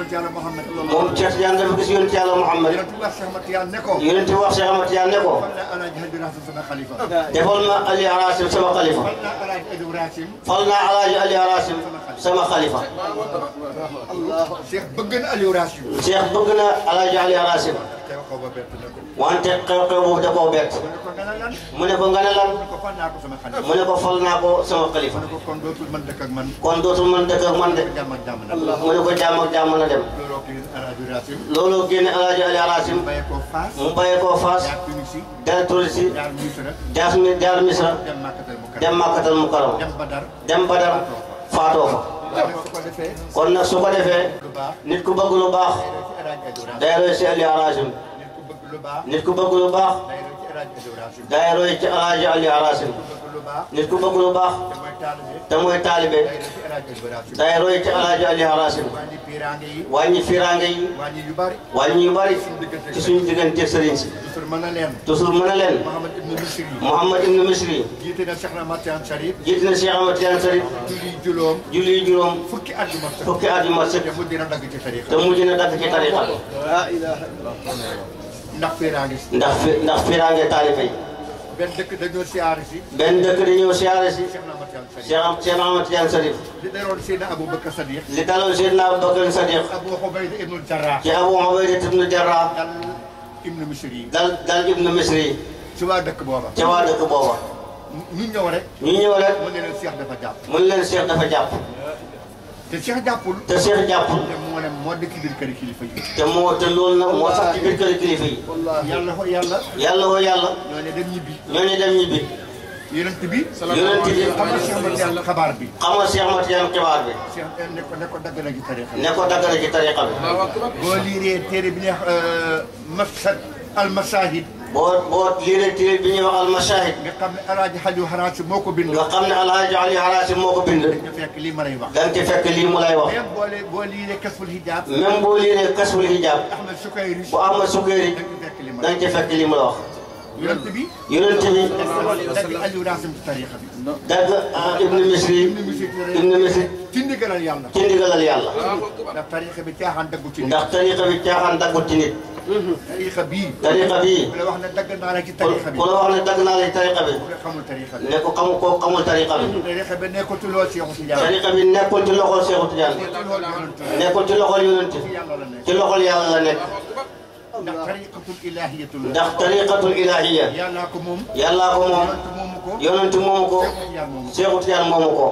yonent yàlla Muhammad moom Cheikh Tidiane dafa gis yonent yàlla Muhammad yonent wax Cheikh Ahmad Tidiane ne ko yonent wax Cheikh Ahmad Tidiane ne ko defal ma Ali Harazim sama xalifa fal naa Alaaji Ali Harazim sama xalifa Cheikh bëgg na Alaaji Ali Harazim wante xew-xew boobu da ko bet mu ne ko nga ne mu ne ko fal naa ko sama khalifa kon dootul mën dëkk ak man kon dootul ak man de mu ne ko jàmm ak jàmm na dem lolo génne alaji ali alasim mu baye ko fas dal tulisi jaar jaar misra dem màkkatal mu karam dem badar fato fa kon na su ko defee nit ku bëgg lu bax dayro ci ali alasim nit ku bëgg lu baax day roy ci alaaji ali arasim nit ku bëgg lu baax te mooy taalibe day roy ci alaaji ali arasim wàññi fiiraange yi wàññi yu bari ci suñu diggante sëriñ si toujours mën na leen Mouhamad ibn Misri jiite na Cheikh Ahmad na Cheikh Ahmad Tidiane Sarif julli juróom at yu mat ndax fiiraange ndax fi ndax fiiraange taalibe yi. benn dëkk dañoo siyaare si. benn dëkk dañoo siyaare si. Cheikh Ahmad Cheikh Ahmad Tidiane Chérif. li daloon Seydina Aboubacar Sadiq. li daloon Seydina Aboubacar Sadiq. Abou Ubayda ibnu Jarrah. ci Abou Ubayda ibnu Jarrah. dal ibnu Misri yi. dal dal ibnu Misri yi. ci waa dëkk booba. ci waa dëkk booba. ñu ñëw rek. ñu ñëw rek. mën leen Cheikh dafa jàpp. mën leen Cheikh dafa jàpp. te Cheikh jàppul. te Cheikh jàppul. te moo ne moo dëkk biir kër kilifa yi. te moo te loolu nag moo sax ci biir kër kilifa yi. yàlla ko yàlla. yàlla ko yàlla. ñoo ne dem ñibbi. ñoo ne dem ñibbi. yonent bi. yonent bi xamal Cheikh Matiane xabaar bi. xamal Cheikh Matiane xabaar bi. Cheikh eh, ne ko ne ko daggale ci tariqa bi. ne ko daggale ci tariqa bi. boo liiree téere bi ne euh, Maqsad al Masahib. boot boot yëlanteel bi ñuy wax almasahid nga xam ne alaaji Aliou Haraasi moo ko bind nga xam ne alaaji Aliou Haraasi moo ko bind danga fekk lii ma lay wax danga ci fekk lii mu lay wax même boo lee boo liiree kasful hijaab même boo liiree kasful hijaab Ahmad Sukayri bu Ahmad Sukayri danga ci fekk lii mu la wax yonent bi yonent bi dagg Aliou Haraasi ci tariixa bi dagg ibnu Misri ibnu Misri ci ndigalal yàlla. ci ndigalal yàlla. ndax tariqa bi caaxaan daggu ci nit. ndax tariqa bi caaxaan daggu ci nit. Mhm. tariqa bii. tariqa bii. ku la wax ne dagg naa la ci tariqa bi. ku la wax ne dagg naa la ci tariqa bi. ku la xamul tariqa bi. ne ko xamul koo xamul tariqa bi. Mhm. tariqa bi nekkul ci loxo Seexu Tijaan. tariqa bi nekkul ci loxo Seexu Tijaan. nekkul ci loxo yonent. ci loxol yàlla la nekk. ndax tariqatul ilaahiyatu la. ndax tariqatul ilaahiya. yàllaa ko moom. yàllaa ko moom. yonent moomu ko. Seexu Tijaan moomu ko.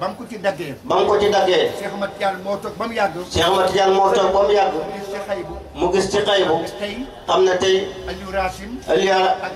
ba mu ko ci daggee. ba mu ko ci daggee. Cheikh Ahmad Tidiane moo toog ba mu yàgg. Cheikh Ahmad Tidiane moo toog ba mu yàgg. mu gis ci xaybu. mu gis ci xaybu. xam ne tey. Aliou Racine. Aliou ak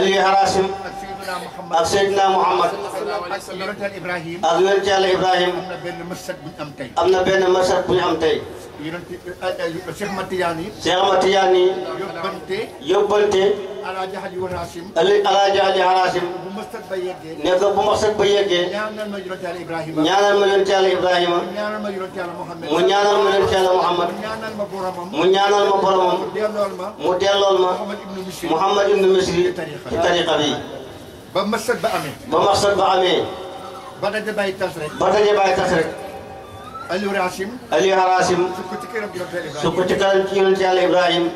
Aliou Harasim. ak Seydina Mouhamad ak Seydina Mouhamad. ak yonent Yàlla Ibrahim. ak yonent Yàlla Ibrahim. am na benn mërsat bu ñu am tey. am na benn mërsat bu ñu am tey. yonenti eh, eh, Cheikh Matiyani. Cheikh Matiyani. yóbbante. yóbbante. alaaji Ali Harasim. alaaji Ali Harasim. bu ma sëg ba yeggee. ne ko bu ma sëg ba yeggee. ñaanal ma yonenti Yàlla Ibrahima. ñaanal ma yonenti Yàlla Ibrahima. mu ñaanal ma yonenti Yàlla Muhammad. mu ñaanal ma yonenti Yàlla Muhammad. mu ñaanal ma boromam. mu ñaanal ma boromam. mu dellool ma. mu dellool ma. Muhammad ibnu Misri. Muhammad ibnu Misri. ci tariqa bi. ba ma sëg ba amee. ba ma sëg ba amee. ba daje bàyyi tas rek. ba daje bàyyi tas rek. Aliou Racim. Aliou Racim. sukk ci këram ci yonent Yàlla Ibrahim.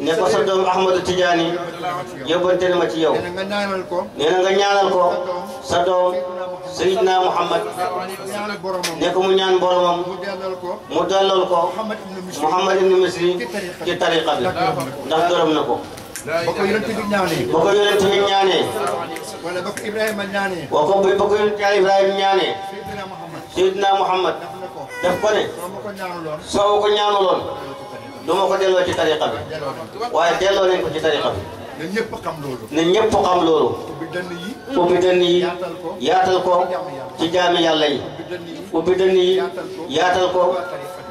ne ko sa doom Ahmadou Tidiane. yóbbante na ma ci yow. nee na nga ñaanal ko. sa doom Seydina Muhammad. ne ko mu ñaan boromam. mu delloo ko. Mouhamad ibn Misri ci tariqa bi. ndax gërëm na ko. ba ko yonent bi ñaanee. ba ko yonent bi ñaanee. wala ba ko Ibrahima ñaanee. ba ko Ibrahima ñaanee. Seydina Muhammad def ko ne soo ko ñaanuloon du ma ko delloo ci tariqa bi waaye delloo nañ ko ci tariqa bi. na ñëpp xam loolu. na ñëpp xam yi yaatal ko ci jaami yàlla yi. ubbi yi yaatal ko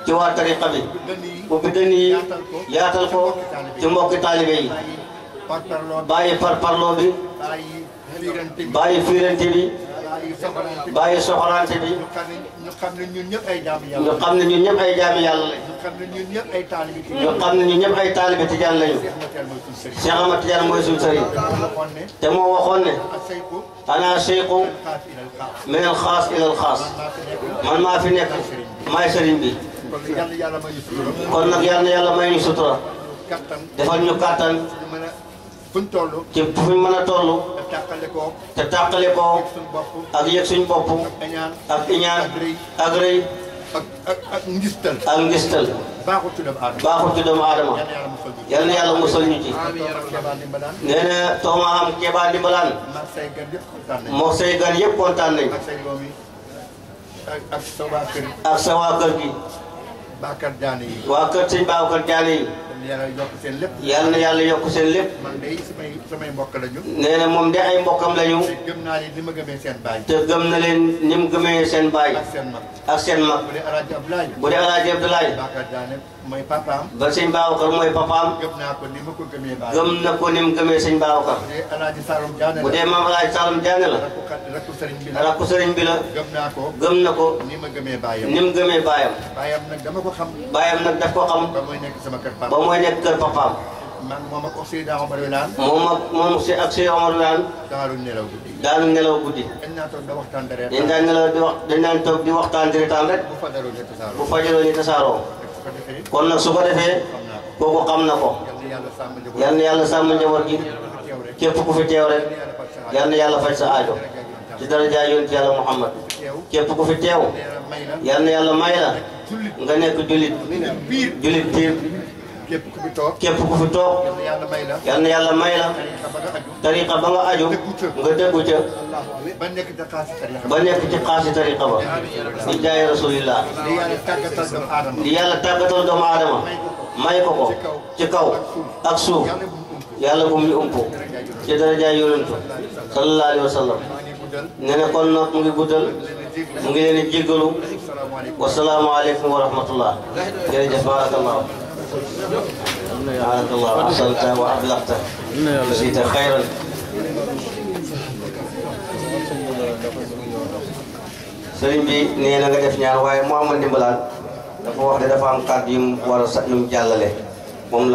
ci waa tariqa bi. ubbi dënn yi yaatal ko ci mbokki taalibe yi. parparloo bi bàyyi fiirante bi. bàyyi soxoraante bi ñu xam ne ñun ñëpp ay jaami yàlla ñu xam ne ñun ñëpp ay jaami yàlla lañu ñu xam ne ñun ñëpp ay taalibi ñu xam ne ñun ñëpp ay taalibi tijaan lañu Cheikh Ahmad Tijaan mooy suñu sëriñ te moo waxoon ne ana seyku min al ila al man maa fi nekk maay bi kon nag yal na sutura defal ñu kàttan ci fu ñu mën a te tàqale ko ak yëg suñ bopp ak iñaan ak rëy ak ak ngistal ak ngistal baaxul ci doomu aadama baaxul ci doomu aadama yal na yàlla musal ñu ci nee na tooma am kebaa dimbalaan moo say gan yëpp kontaan nañ ak gi kër yàlla yokk seen lépp. yal na yàlla yokk seen lépp. man de samay samay mbokk lañu. nee na moom de ay mbokkam lañu. te na naa leen ni ma gëmee seen baay. te gëm na leen ni mu gëmee seen baay. ak seen ma ak seen mag. bu dee Alaaji Abdoulaye. bu dee Alaaji mooy papam, ba sëñ Babacar mooy papaam. gëm naa ko ni ma ko gëmee baay. gëm na ko ni mu gëmee sëñ Babacar. bu dee Alaaji Saalum Diané la bu dee maam Alaaji Saalum Diané la. rakku sëriñ bi la rakku sëriñ bi la. gëm na ko. ni ma gëmee baayam ni dama ko xam. baayam nag daf ko xam. ba mooy nekk sama kër papaam ba mooy Omar ak Omar nelaw guddi. nelaw guddi. di bu kon nag su ko defee kooku xam na ko yal na yàlla sàmm njaboot gi képp ku fi teew rek yal na yàlla faj sa aajo ci daraja yoon ci yàlla Muhammad képp ku fi teew yal na yàlla may la nga nekk jullit jullit piir képp ku fi toog képp ku fi toog yal na yàlla may la tariqa ba nga aju nga déggu ba nekk ci xaasi tariqa ba nekk ci xaasi tariqa ba di jaay rasulillah di yàlla tàggatal doomu aadama may ko ci kaw ak suuf yàlla bu mu ñu ump ci darajaay yonentu sallallahu alayhi wa sallam nee na kon nag ngi guddal ngi leen di jéggalu wasalaamaaleykum wa rahmatullah jërëjëf barakallahu سبحانك الله عصلت وأبلغت جزيت خيرا sëriñ bi nee na nga def ñaar waaye mu amoon ndimbalaat dafa wax ne dafa am kàddu yu mu war a sa yu mu jàllale la kon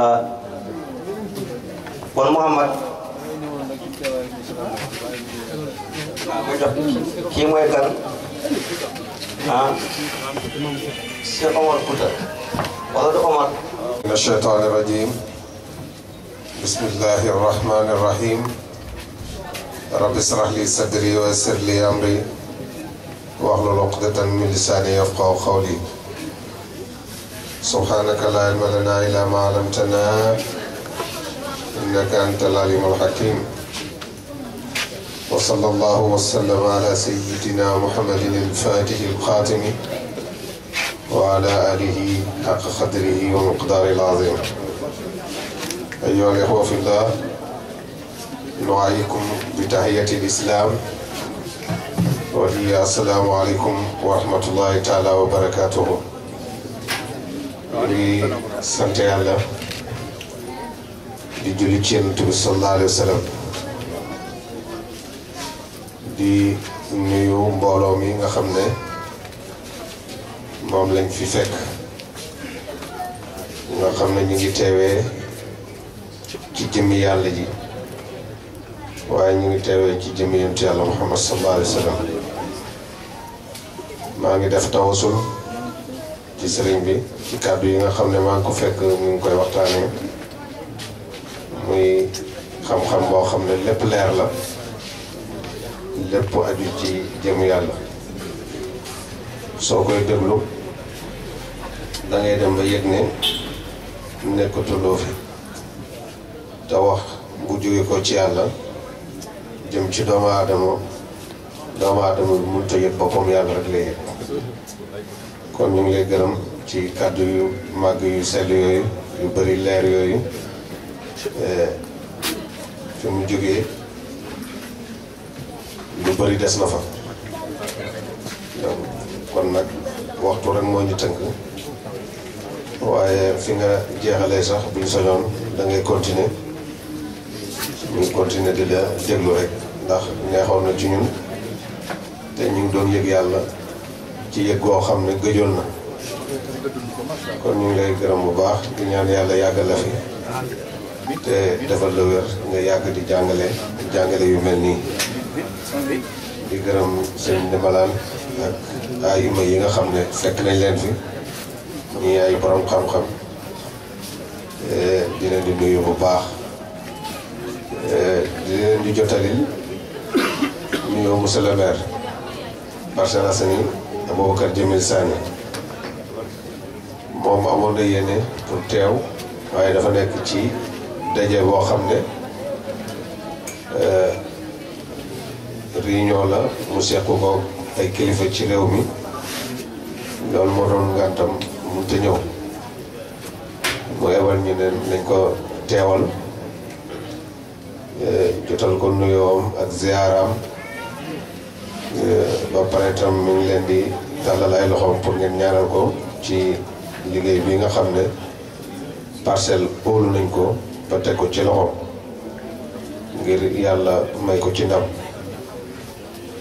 Mouhamad waaw ma kan ah si Omar Kouta wala du Omar من الشيطان الرجيم بسم الله الرحمن الرحيم رب اشرح لي صدري ويسر لي امري واحلل عقدة من لساني يفقهوا قولي سبحانك لا علم لنا الا ما علمتنا انك انت العليم الحكيم وصلى الله وسلم على سيدنا محمد الفاتح الخاتم وعلى آله حق قدره والمقدار العظيم أيها الإخوة في الله نعيكم بتحية الإسلام وهي السلام عليكم ورحمة الله تعالى وبركاته di الله yàlla di julli ci yonent bi sallallahu alayhi wa sallam di moom lañ fi fekk ñoo xam ne ñu ngi teewee ci jëmmi yàlla ji waaye ñu ngi teewee ci jëmmi yonent yàlla Muhammad sallallahu alayhi wa sallam maa ngi def tawasul ci sëriñ bi ci kàddu yi nga xam ne maa ngi ko fekk mu ngi koy waxtaanee muy xam-xam boo xam ne lépp leer la lépp aju ci jëmm yàlla soo koy déglu da ngay dem ba yëg ne nekkatuloo fi te wax bu jóge ko ci yàlla jëm ci doomu aadama doomu aadama bi mënut a boppam yàlla rek lay yëg kon ñu ngi lay gërëm ci kàddu yu màgg yu sell yooyu yu bëri leer yooyu eh, fi mu jógee lu bari des na fa kon nag waxtu rek moo ñu tënk waaye fi nga jeexalee sax buñ sañoon dangay ngay continuer ñu continuer di la déglu rek ndax neexoon na ci ñun te ñu ngi doon yëg yàlla ci yëg goo xam ne gëjoon na kon ñu ngi lay gërëm bu baax di ñaan yàlla yàggal la fi te defal la wér nga yàgg di jàngale di jàngale yu mel nii di gërëm sëñ ay ak ayuma yi nga xam ne fekk nañ leen fi ñii ay borom xam-xam e, di di nuyu bu baax e, di leen di jotalil nuyoo monsieur le maire Parcelles Assainies Aboubacar Jamil Sané moom amoon na yéene pour teew waaye dafa nekk ci daje woo xam ne e, réunion la mu seq ko ay kilifa ci réew mi loolu moo doon ngàntam mënut ci ñëw mu ebal ñu ne nañ ko teewal eh, jotal ko nuyoom ak ziaram eh, ba pare tam leen di tàllal ay loxoom pour ngeen ñaaral ko ci liggéey bi nga xam ne parcelle óolu nañ ko ba teg ko ci loxo ngir yàlla may ko ci ndam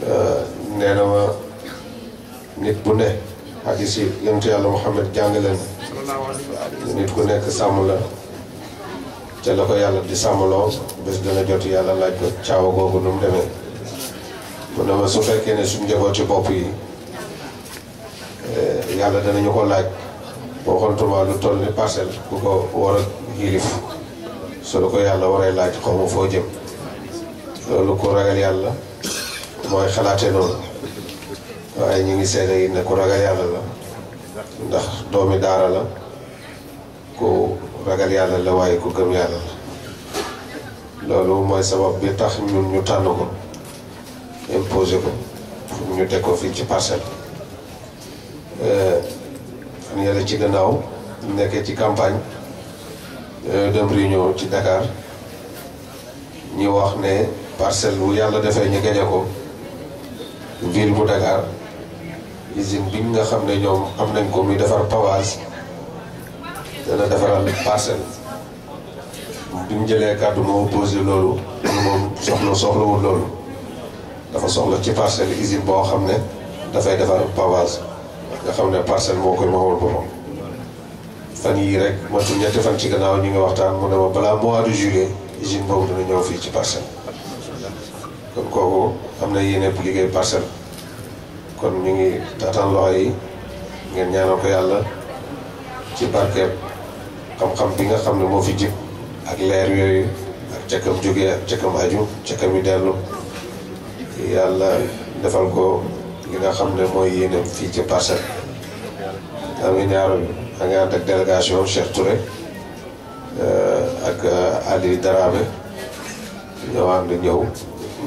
eh, nee ma nit bu ne xadis yi yonent yàlla Muhammad jàngale na nit ku nekk sàmm la te la ko yàlla di sàmmloo bés dana jot yàlla laaj ko caawa googu nu mu demee mu ne ma su fekkee ne suñ njabooti bopp yi eh, yàlla danañu ko laaj boo xontumaa lu toll ni parcelle ku ko war a yilif su la ko yàlla waree laaj xaw ma foo jëm loolu ku ragal yàlla mooy xalaate noonu waaye ñu ngi seede yi ne ku ragal yàlla la ndax doomi daara la ku ragal yàlla la waaye ko gëm yàlla la loolu mooy sabab bi tax ñun ñu tànn ko imposé ko ñu teg ko fii ci parcelle euh, fan yàlla ci gannaaw nekkee ci campagne euh, dem réunion ci Dakar ñu wax ne parcelle bu yàlla defee ñu gañe ko ville bu Dakar usine bi nga xam ne ñoom am nañ ko muy defar pavage dana defaral parcelle bi mu jëlee kàddu moo opposé loolu moom soxla soxlawul loolu dafa soxla ci parcelle usine boo xam ne dafay defar pavage nga xam ne parcelle moo koy moomal boppam fan yii rek matul ñetti fan ci gannaaw ñu ngi waxtaan mu ne ma balaa mois de juillet usine boobu dina ñëw fii ci parcelle kon kooku am na yéene bu liggéey parcelle kon ñu ngi taataan loxo yi ngeen ñaanal ko yàlla ci barkeeb xam-xam bi nga xam ne moo fi jib ak leer yooyu ak cëkkam jógee ak cëkkam aju cëkkam yi dellu yàlla defal ko li nga xam ne mooy yéeneem fii ci parcelle am nga ñaaro a nga ànd ak délégation Cheikh euh, ak euh, Ali Darame ñoo ànd ñëw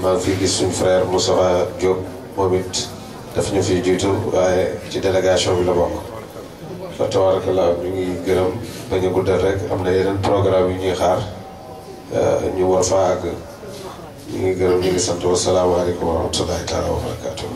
maa ngi fi gis suñu frère Moustapha Diop moom it def ñu fi jiitu waaye ci délégation bi la bokk fa tabarakallah ñu ngi gërëm bañ a guddal rek am na yeneen programme yu ñuy xaar euh, ñu war fa àgg ñu ngi gërëm ñu ngi sant wasalaamaaleykum wa rahmatullahi taala wa barakaatu